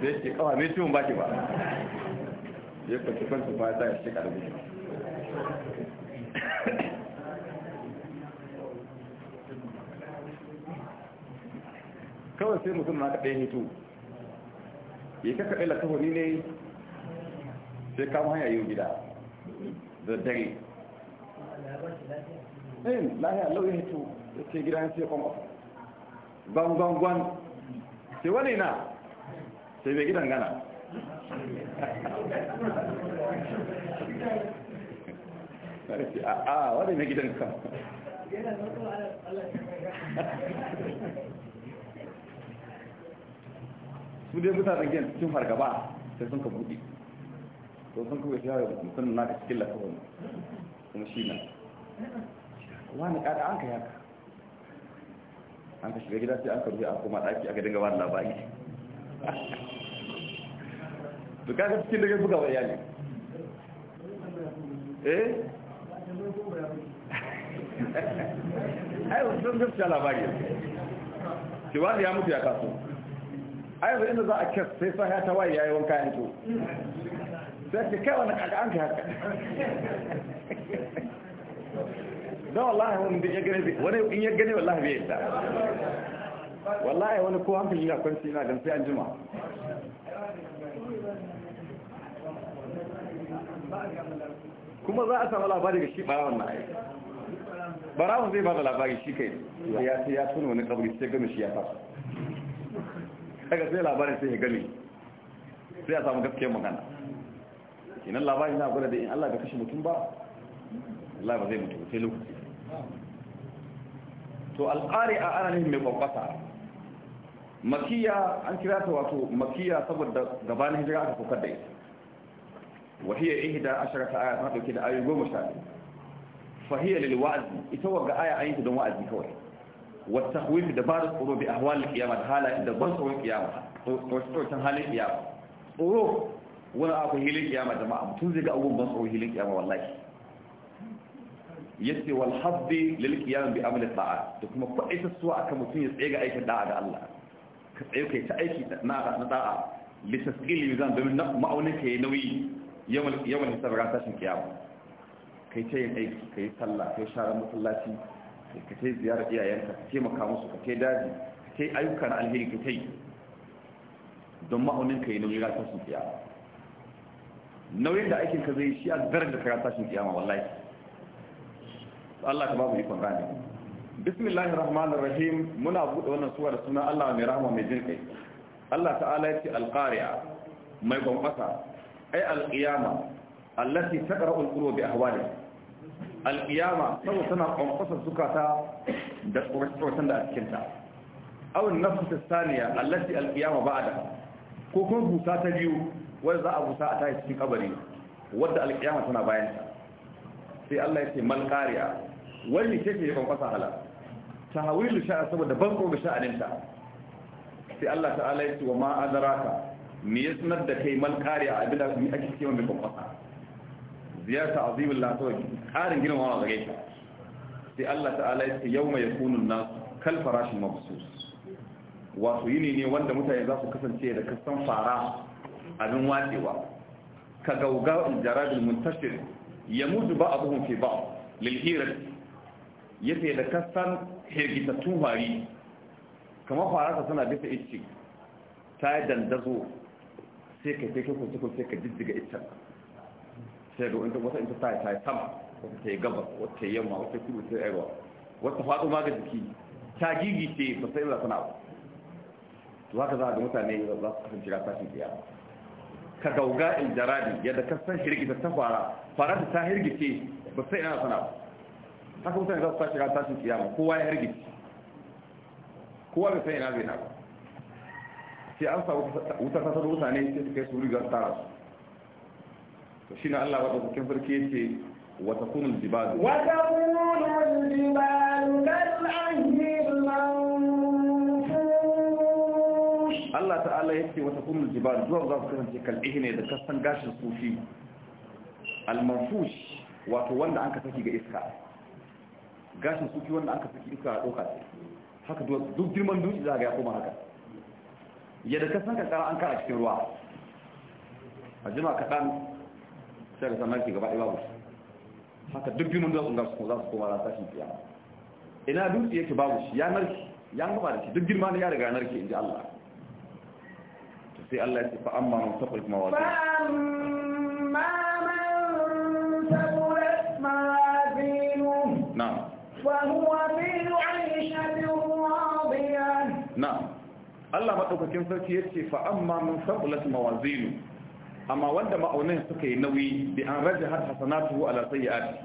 da yake kawa mai ciwon baki ba ya kwanci kwanci ba ya tashi shekara da kawai sai mutum na kaɗai hito ya kakaɗe ni ne sai kama hanyar yau gida da dare ɗin eh, lahiya lau ya hito ya ce gida ya ce kwan gwangwangwan ce wani na sai mai gidan gana a wani mai gidan kan su dai mutanen gen cikin fargaba sai sun ka buɗe to sun kuma shi yaro mutum na ka cikin lafiya ne kuma shi na wani kada an ka yaka an ka shiga gida sai an ka a koma ɗaki aka dinga wani labari to kaga cikin da ya buga wa iyali eh ai sun gaskiya labari shi wani ya mutu ya kaso ai yanzu inda za a kyas sai sa ya tawaye ya yi wanka yanzu بس ce kai wani عندي لا والله هو in ya gane wallahi bai yadda wallahi wani ko hankali na na kuma za a samu labari da shi barawon na aiki barawon zai ba da labari shi kai ya tuni wani kabri sai gami shi ya fasa daga sai labarin sai ya gami sai ya samu gaskiyar magana kenan labarin na gwada da in Allah bai kashe mutum ba Allah ba zai mutu sai lokaci to a ana nihin mai kwakwasa makiya an kira ta wato makiya saboda gabanin hijira aka fukar da ita وهي إحدى عشرة آية ما كده آية قوم شاهد فهي للوعد يتوقع آية أنت دون وعد كوي والتخويف دبار القلوب بأهوال القيامة هالا إذا بصر القيامة توسطوع تنهال القيامة قلوب wani akwai hilin kiyama jama'a mutum zai ga abubuwan ban tsoro hilin kiyama wallahi yace wal habbi lil qiyam bi amali da'a da kuma kwaita suwa akan mutum ya tsaye ga aikin da'a ga Allah ka tsaye kai ta aiki na na da'a li tasqil yuzan domin na ma'aunin kai nauyi yawan yawan hisab ran tashin kiyama kai ta yin aiki kai sallah kai sharar masallaci kai ka tai ziyarar iyayenka ka taimaka musu ka tai daji ka tai ayyukan alheri ka tai don ma'aunin kai nauyi ran tashin kiyama nauyin da aikin ka zai shi a zarar da kaga tashin kiyama wallahi Allah ta babu ikon gane bismillahir rahmanir rahim muna bude wannan suwa da suna Allah mai rahama mai jin kai Allah ta'ala ya ce alqari'a mai gwamfasa ai alqiyama allati taqra'u alqulubi ahwali alqiyama sau tana gwamfasa zukata da tsoratan da a cikin ta aw an-nafs ath-thaniya allati alqiyama ba'da ko kuma busa ta biyu wanda za a busa a tashi cikin kabari wadda alkiyama tana bayan ta sai Allah ya ce mal qari'a wani ce ce ban fasa hala tahwilu sha'a saboda banko ga sha'anin ta sai Allah ta'ala ya ce wa ma adraka me ya sanar da kai mal qari'a abin da ake cewa mai ban fasa ziyarta azimul lahi gina girmamawa ga gaita sai Allah ta'ala ya ce yawma yakunu an-nas kal farashin mabsus wato yini ne wanda mutane za su kasance da kasan fara abin watsewa ka gauga jaradul muntashir ya mutu ba abuhun fi ba lilhirar ya fi da kasan hirgitattun fari kamar farasa suna bisa ice ta yi dandazo sai ka teke kusurku sai ka jijjiga ita sai ga wata ita ta yi ta yi sama wata ta yi gabas wata ta yi yamma wata kudu ta yi wata faɗo ma ga jiki ta gigice ba sai za suna ba to haka za a ga mutane za su kasance ra tashin ya ka gauga in jaradi yadda ka san hirgita ta fara fara ta hirgice ba sai ina sana haka mutane za su tashi ga tashin kiyama kowa ya hirgice kowa bai sai ina zai na ba sai an samu wutar ta sanu mutane sai su kai su riga tara su to na Allah wa kin farki yace wa takunu al-jibal wa takunu jibal kal ahli al Allah ta'ala yake wata kumul jibal zuwa za su kasance kalbihi ne da kasan gashin sufi almarfush wato wanda an ka saki ga iska gashin sufi wanda an ka saki iska a ce. haka duk girman dutse za ga ya koma haka yadda kasan kankara an kara cikin ruwa a jima kaɗan sai ka sanar ke gaba ɗaya babu haka duk girman dutse za su koma za su sashin fiya ina dutse yake babu shi ya narki ya gaba da shi duk girma ne ya daga narki in ji Allah sai Allah ya ce fa amma man saqulat mawazin fa amma man saqulat mawazin na'am wa huwa fi 'ayshatin radiyah Na. Allah madaukakin sarki yace fa amma man saqulat mawazin amma wanda ma'aunin suka yi nauyi bi an har hasanatu ala sayyi'ati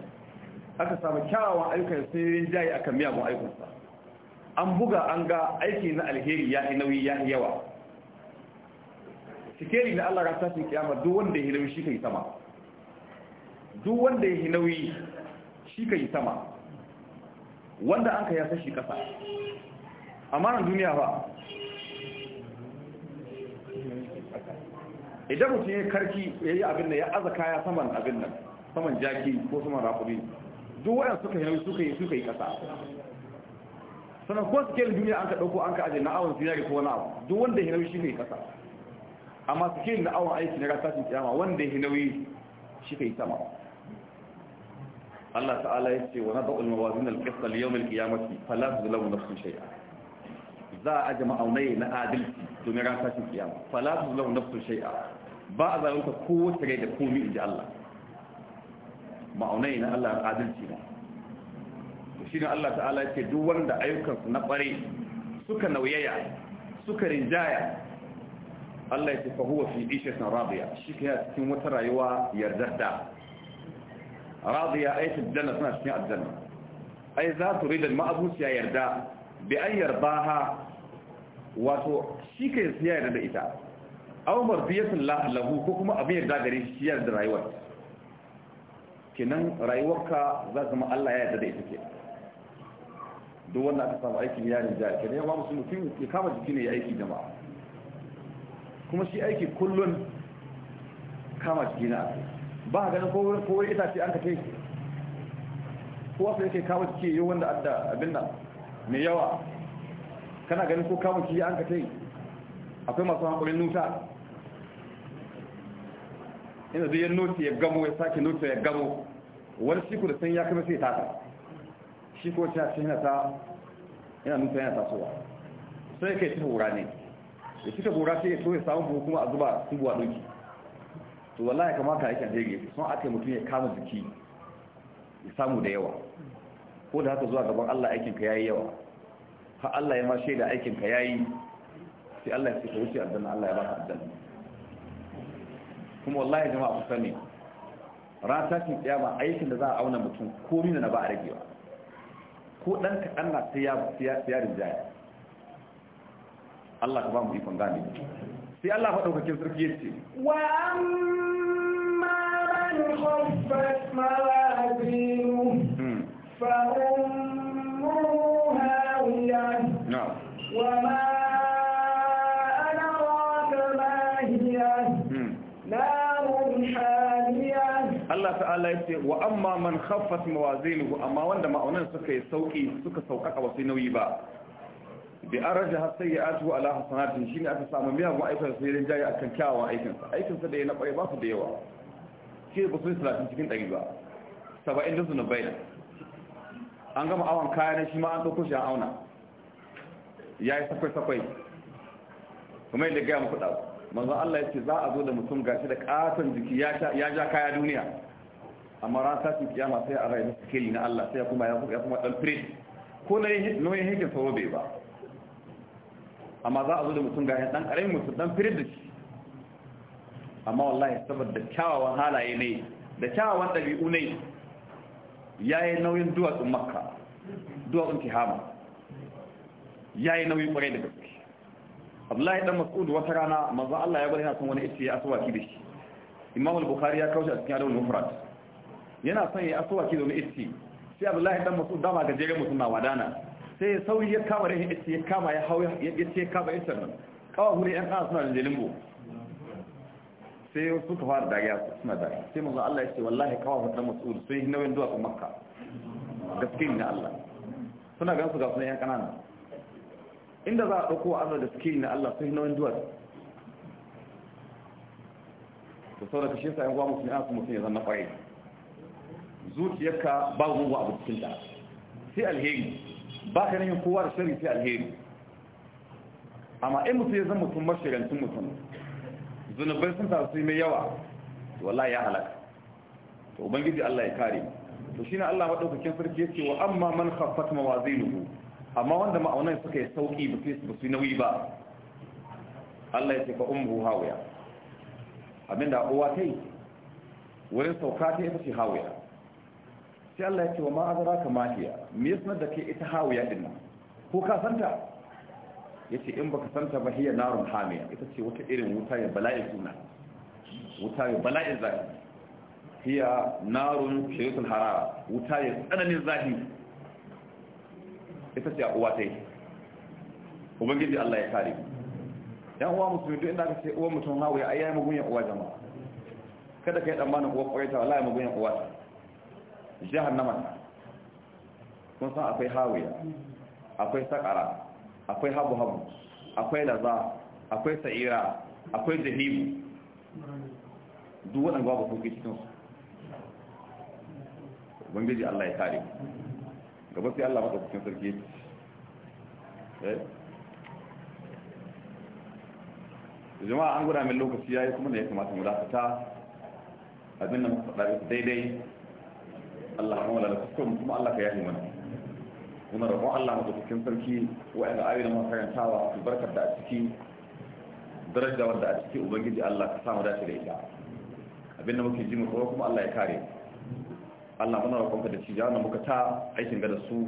aka samu kyawawan sai yin jayi akan miyagun aikinsa. an buga an ga aiki na alheri ya yi nauyi ya yi yawa sikeri da Allah ga tafi kiyama duk wanda ya nauyi shi kai sama duk wanda ya nauyi shi kai sama wanda an ka ya sashi kasa amma marar duniya ba idan mutum ya karki ya yi abin da ya aza kaya saman abin nan saman jaki ko saman rafuri duk wayan suka yi nauyi suka yi suka yi kasa sannan ko suke duniya an ka ɗauko an ka aje na awon zinari ko wani abu duk wanda ya nauyi shi ne kasa amma skill na awon aiki na rasashin kiyama wanda ya nauyi shi ka yi sama Allah ta'ala ya ce wa na da'ul mawazin al-qista li yawm al-qiyamati fala tuzlamu nafsun shay'a za a aje ma'aunai na adalci domin rasashin kiyama da tuzlamu nafsun shay'a ba a zalunta kowace rai da komi ji Allah ma'aunai na Allah adalci ne shi ne Allah ta'ala ya ce duk wanda ayyukansu na kware suka nauyaya suka rinjaya Allah ya tafi huwa fi ishatin radiya shi ke cikin wata rayuwa yardadda radiya ay tadana suna cikin aljanna ay za tu rida ma'abus ya yarda bi an yardaha wato shi ke ya yarda da ita aw mardiyatun lahu ko kuma abin yarda gare shi da rayuwar kenan rayuwarka za zama Allah ya yarda da ita ke duk wanda aka samu aikin yarin jari kenan ya ba musu mutum ya kama jiki ne ya aiki jama'a kuma shi aiki kullun kama jiki na ba a ganin kowai itace an ka kai kowa su yake kama shi yi wanda adda abin nan mai yawa kana ganin ko kama jiki an ka akwai masu hankulin nuta Ina zai yin noti ya gamo ya sake noti ya gamo wani shi ku da san ya kama sai tata shi ko ta shi yana ta yana nuta yana tasowa sai kai ta hura ne da cika gora sai ya so ya samu buhu kuma a zuba su buwa ɗauki to wallahi kamata a yake a jirgin sun aka yi mutum ya kama jiki ya samu da yawa ko da haka zuwa gaban Allah aikinka ya yi yawa ha Allah ya ma shaida aikinka ya yi sai Allah ya ce ka wuce aljanna Allah ya ba ka adana kuma wallahi jama'a ku sani ran tashin kiyama aikin da za a auna mutum komai da na ba a ragewa ko dan kaɗan na sai ya rinjaya Allah ka ba mu ikon gane sai Allah madaukakin sarki yace wa amma man khaffat mawazinu fa ummuhu hawiyan na'am wa ma Allah ta'ala ya ce wa amma man khaffat mawazinuhu amma wanda ma'aunan suka yi sauki suka saukaka wasu nauyi ba bi an raja har sai ya atu ala hasanatin ne aka samu miyagun aikin sai rin jari a kyawawan aikin sa aikin sa da ya na kwai ba su da yawa shi ba su talatin cikin ɗari ba Saba'in da sunan bayan an gama awon kaya na shi ma an ɗauko shi an auna Ya yi sakwai sakwai kuma yadda gaya muku ɗau manzo Allah ya ce za a zo da mutum gashi da ƙaton jiki ya ja kaya duniya amma ran ta kiyama sai a rayu na sikeli na Allah sai kuma ya kuma ɗan firin ko na yin hikin sauro bai ba amma za a zo da mutum ga ɗan ƙaramin mutum ɗan firin da shi amma wallahi saboda kyawawan halaye ne da kyawawan ɗabi'u ne ya yi nauyin duwatsun makka duwatsun tihama ya yi nauyin ƙwarai da gaske abdullahi dan mas'ud wata rana manzo Allah ya bari yana son wani ice ya aswaki da shi imam al-bukhari ya kaushe a cikin adabul mufrad yana son ya aswaki da wani ice sai abdullahi dan mas'ud dama gajeren mutum na wadana sai sauri ya kama rahin ita ya kama ya hau ya ce ya kama ita nan kawo guri yan kana suna da limbo sai suka fara dariya suna dariya sai manzo Allah ya ce wallahi kawo hudan mas'ul sai nauyin zuwa makka gaskiya ne Allah suna gansu ga sunan yan kanana inda za a ɗauko azza da skill ne Allah sai nauyin zuwa to saboda kashe sa yan gwa musulmi an su mutum ya zanna kwai zuciyarka babu mugu abu cikin ta sai alheri ba ka yin kowa da shari sai alheri amma in mutu ya zama mutum mashirantun mutum zunubai sun taru mai yawa Wala ya halaka to ubangiji Allah ya kare to shine Allah madaukakin sarki yace wa amma man khaffat mawazinuhu amma wanda ma'aunan suka yi sauki ba su nauyi ba Allah ya ce ka umru hawaya abinda uwa tai wurin sauka ta ita ce hawaya sai Allah ya ce wa ma'azara ka mahiya me yasnar da ke ita hawiya din nan ko ka santa yace in baka santa ba hiya narun hamiya ita ce wata irin wuta ya bala'in suna wuta ya bala'in zafi hiya narun shaytul harara wuta ya tsananin zafi ita ce a uwa ta yi ubangiji Allah ya kare yan uwa musu duk inda aka ce uwa mutum hawiya ai yayi mugun ya uwa jama'a kada kai dan bana uwa kwaita wallahi mugun ya uwa ta jahannama ta kun san akwai hawiya akwai sakara akwai habu-habu akwai laza akwai sa'ira akwai jahibu duk waɗanda babu kuke cikin su ubangiji Allah ya kare gaba sai Allah cikin sarki eh jama'a an guda min lokaci yi kuma ne ya kamata mu dakata abin da muka faɗa daidai Allah ya mawala da kuskuren kuma Allah ka yahi mana muna roƙon Allah mu cikin sarki wa'anda ayoyin mu karantawa su barkar da a ciki daraja wanda a ciki ubangiji Allah ka samu dace da ita abin da muke ji mu kuma Allah ya kare Allah muna roƙon ka da shi jana muka ta aikin gada su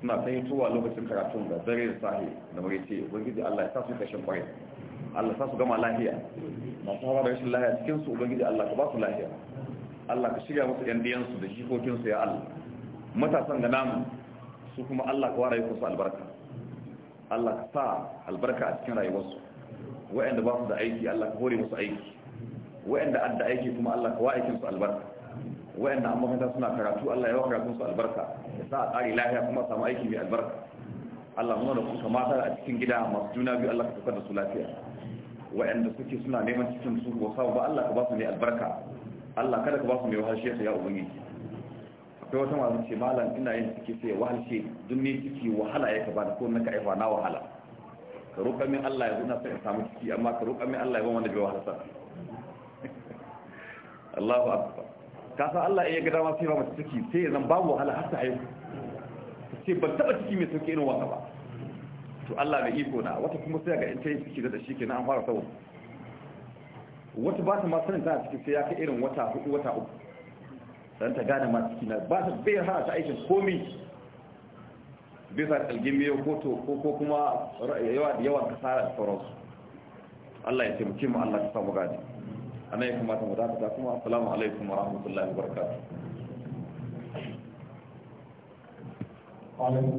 suna ta yi tuwa lokacin karatun da dare da sahi da mai ce ubangiji Allah ya sa su kashin kwarai Allah sa su gama lahiya masu hawa da rashin lahiya cikin su ubangiji Allah ka ba su lahiya Allah ka shirya musu yan diyansu da jikokinsu ya Allah matasan ga namu su kuma Allah ka waraye su albarka Allah ka sa albarka a cikin rayuwarsu wa'anda ba su da aiki Allah ka hore musu aiki wa'anda adda aiki kuma Allah ka wa'aikin su albarka wa'anda amma kanta suna karatu Allah ya wa karatun su albarka ya sa a tsari lafiya kuma samu aiki mai albarka Allah nuna da kuka mata a cikin gida masu juna biyu Allah ka tukar da su lafiya wa'anda suke suna neman cikin su ba ba Allah ka ba su ne albarka Allah kada ka ba su mai wahal ta ya ubangi akwai wata masu ce malam ina yin ciki sai shi duk ne ciki wahala ya ka da ko na ka aifa na wahala ka roƙa min Allah ya zuna sai in samu ciki amma ka roƙa min Allah ya ban wanda bai wahala sa Allahu akbar ka san Allah ya ga dama sai ba mace ciki sai ya zan babu wahala har ta haihu sai ban taba ciki mai sauki irin wanka ba to Allah bai iko na wata kuma sai ga in ta yi ciki da shi kenan an fara saboda wata ba ta ma sanin a ciki sai ya kai irin wata hudu wata uku dan ta gane ma ciki na ba ta bayar hana ta aikin komi bisa kalgin miyo ko ko kuma yawa da yawan kasara da sauransu Allah ya taimake mu Allah ya samu gadi n'an ya kamata mu ta kuma assalamu alaikum wa rahmatullahi wa barakatuh